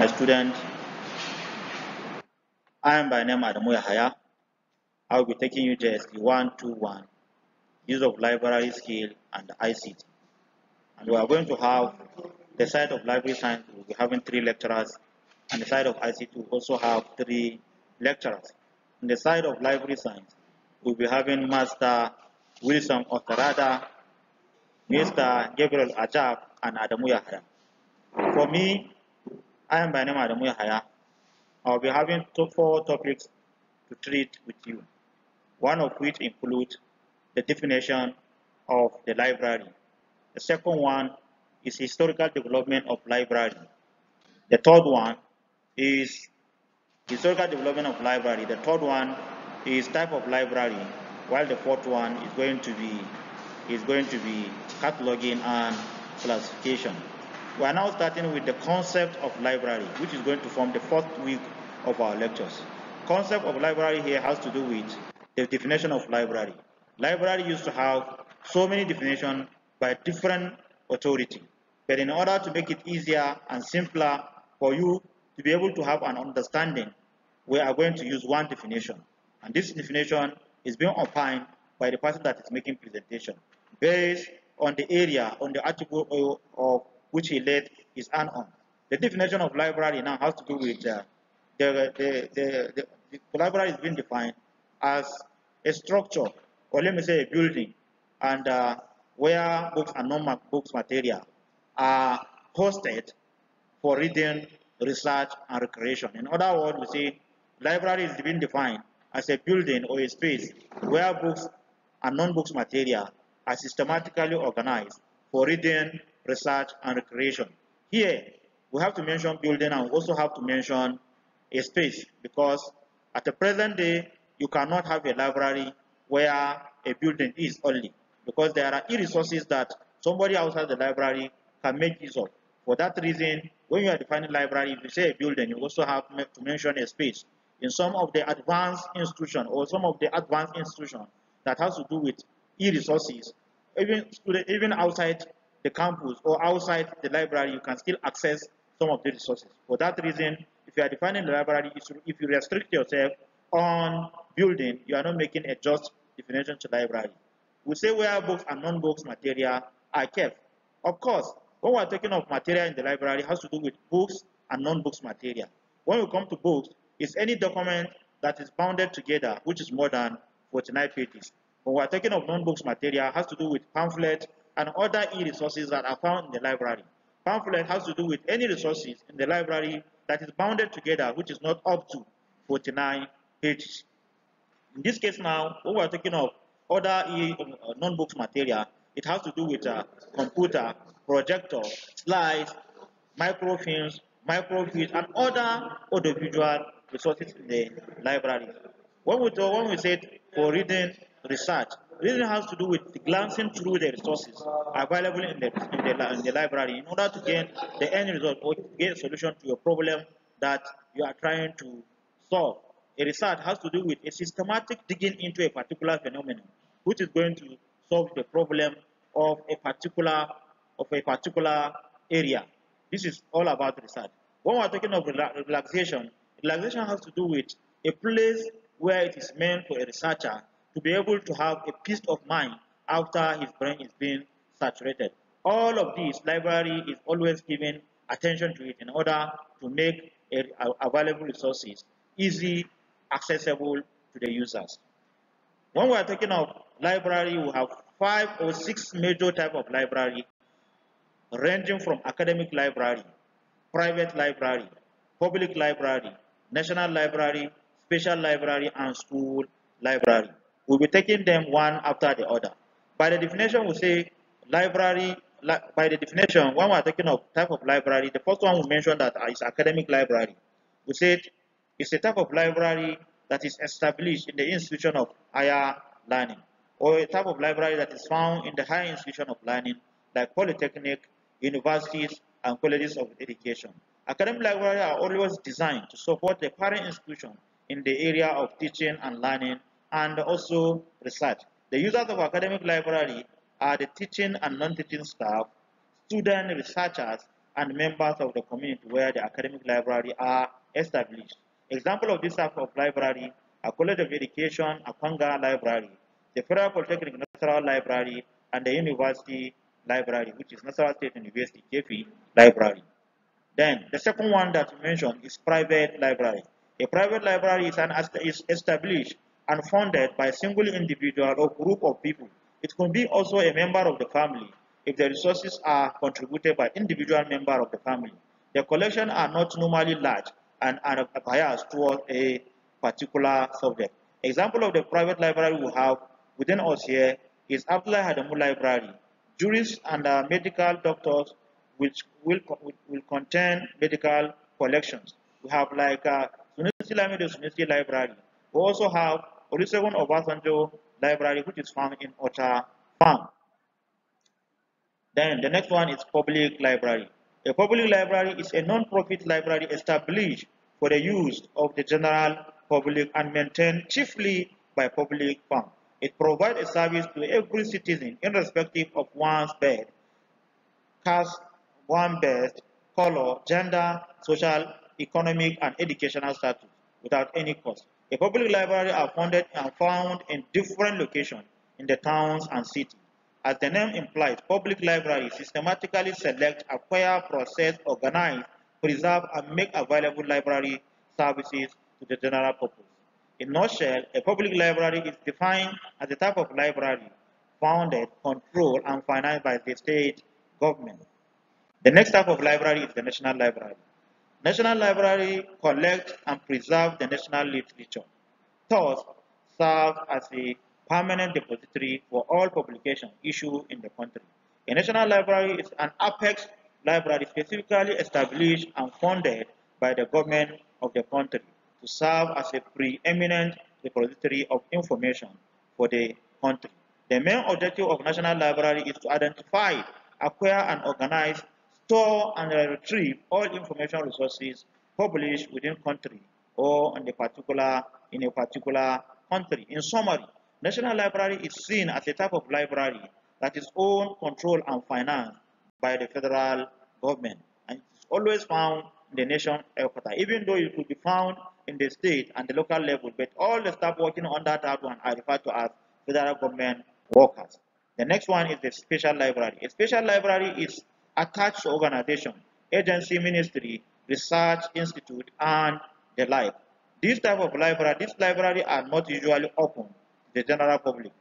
My student, I am by name Adamu Yahaya. I will be taking you JSD 121, Use of Library Skill and ICT. And we are going to have the side of Library Science, we'll be having three lecturers, and the side of ICT will also have three lecturers. On the side of Library Science, we'll be having Master Wilson Otarada, Mr. Gabriel Ajab, and Adamu Yahaya. For me, I am by name Adamu Yahaya. I'll be having four topics to treat with you, one of which includes the definition of the library. The second one is historical development of library. The third one is historical development of library. The third one is type of library, while the fourth one is going to be is going to be cataloging and classification. We are now starting with the concept of library, which is going to form the fourth week of our lectures. Concept of library here has to do with the definition of library. Library used to have so many definitions by different authority. But in order to make it easier and simpler for you to be able to have an understanding, we are going to use one definition. And this definition is being opined by the person that is making presentation based on the area, on the article of which he laid his hand on. The definition of library now has to do with uh, the, the, the, the, the library is being defined as a structure, or let me say a building, and uh, where books and non-books material are hosted for reading, research, and recreation. In other words, we see library is being defined as a building or a space where books and non-books material are systematically organized for reading, research and recreation. Here, we have to mention building and we also have to mention a space because at the present day, you cannot have a library where a building is only because there are e-resources that somebody outside the library can make use of. For that reason, when you are defining library, if you say a building, you also have to mention a space. In some of the advanced institution or some of the advanced institution that has to do with e-resources, even, even outside the campus or outside the library, you can still access some of the resources. For that reason, if you are defining the library, if you restrict yourself on building, you are not making a just definition to library. We say where books and non-books material are kept. Of course, when we're talking of material in the library, has to do with books and non-books material. When we come to books, it's any document that is bounded together, which is more than 49 pages. When we're talking of non-books material, has to do with pamphlets, and other e-resources that are found in the library. Pamphlet has to do with any resources in the library that is bounded together, which is not up to 49 pages. In this case now, what we are talking of other e um, uh, non-books material, it has to do with a uh, computer, projector, slides, microfilms, microfilms, and other audiovisual resources in the library. When we, talk, when we said for reading research, Research has to do with glancing through the resources available in the, in the, in the library in order to gain the end result or get a solution to your problem that you are trying to solve. A research has to do with a systematic digging into a particular phenomenon, which is going to solve the problem of a particular of a particular area. This is all about research. When we're talking of relaxation, relaxation has to do with a place where it is meant for a researcher to be able to have a peace of mind after his brain is being saturated. All of this library is always giving attention to it in order to make a, a, available resources easy, accessible to the users. When we are talking of library, we have five or six major type of library, ranging from academic library, private library, public library, national library, special library, and school library. We'll be taking them one after the other. By the definition, we say library, li by the definition, when we're talking of type of library, the first one we mentioned that is academic library. We said it's a type of library that is established in the institution of higher learning, or a type of library that is found in the higher institution of learning, like polytechnic, universities, and colleges of education. Academic libraries are always designed to support the parent institution in the area of teaching and learning and also research. The users of academic library are the teaching and non-teaching staff, student researchers, and members of the community where the academic library are established. Example of this type of library a College of Education, a Akwanga Library, the Federal Polytechnic National Library, and the University Library, which is National State University, KFI Library. Then the second one that you mentioned is private library. A private library is, an, is established and funded by a single individual or group of people. It could be also a member of the family if the resources are contributed by individual member of the family. The collection are not normally large and are biased towards a particular subject. Example of the private library we have within us here is Abdullah Hadamu Library. Jurists and uh, medical doctors which will, will, contain medical collections. We have like uh, Sunisi Lamide Sunisi Library. We also have Olusegun Obasanjo Library, which is found in Ocha Farm. Then the next one is public library. A public library is a non-profit library established for the use of the general public and maintained chiefly by public funds. It provides a service to every citizen irrespective of one's bed, caste, one bed, color, gender, social, economic, and educational status without any cost. A public library are funded and found in different locations in the towns and cities. As the name implies, public libraries systematically select, acquire, process, organize, preserve, and make available library services to the general purpose. In nutshell, a public library is defined as a type of library founded, controlled, and financed by the state government. The next type of library is the National Library. National Library collects and preserves the national literature, thus serves as a permanent depository for all publications issued in the country. The National Library is an apex library specifically established and funded by the government of the country to serve as a preeminent repository of information for the country. The main objective of National Library is to identify, acquire, and organize store and retrieve all information resources published within country or in a particular in a particular country. In summary, National Library is seen as a type of library that is owned, controlled, and financed by the federal government. And it's always found in the nation headquarters, even though it could be found in the state and the local level, but all the staff working on that one are referred to as federal government workers. The next one is the special library. A special library is attached organization, agency, ministry, research institute, and the like. These type of library, this library are not usually open to the general public,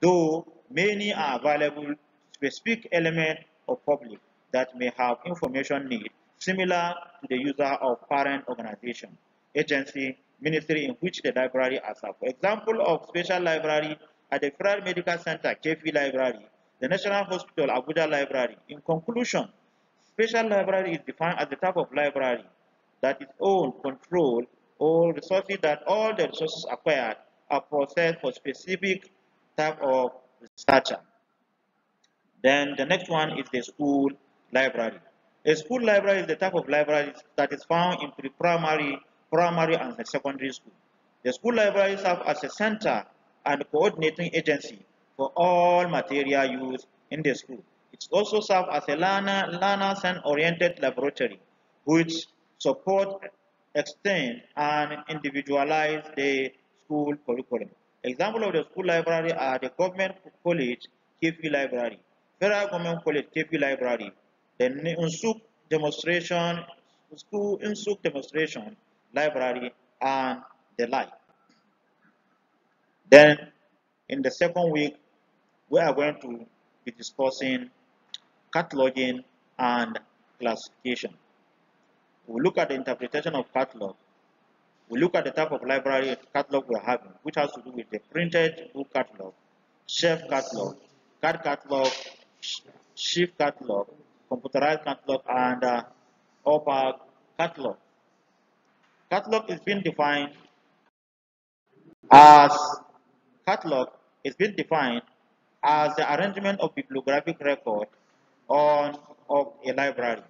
though many are available specific element of public that may have information need similar to the user of parent organization, agency, ministry in which the library are served. For example of special library at the Federal Medical Center, KFI Library, the National Hospital Abuja Library. In conclusion, special library is defined as the type of library that is owned, controlled, all resources that all the resources acquired are processed for specific type of researcher. Then the next one is the school library. A school library is the type of library that is found in pre-primary, primary, and secondary school. The school library serves as a center and coordinating agency for all material used in the school. It also serves as a learner, learners and oriented laboratory which support, extend and individualize the school curriculum. Example of the school library are the Government College KP Library, Federal Government College KP Library, the school Demonstration School Nsuk Demonstration Library, and the like. Then in the second week, we are going to be discussing cataloging and classification. We look at the interpretation of catalog. We look at the type of library catalog we are having, which has to do with the printed book catalog, shelf catalog, card catalog, shift catalog, computerized catalog, and uh, upper catalog. Catalog is being defined as catalog is being defined as the arrangement of bibliographic record on of a library.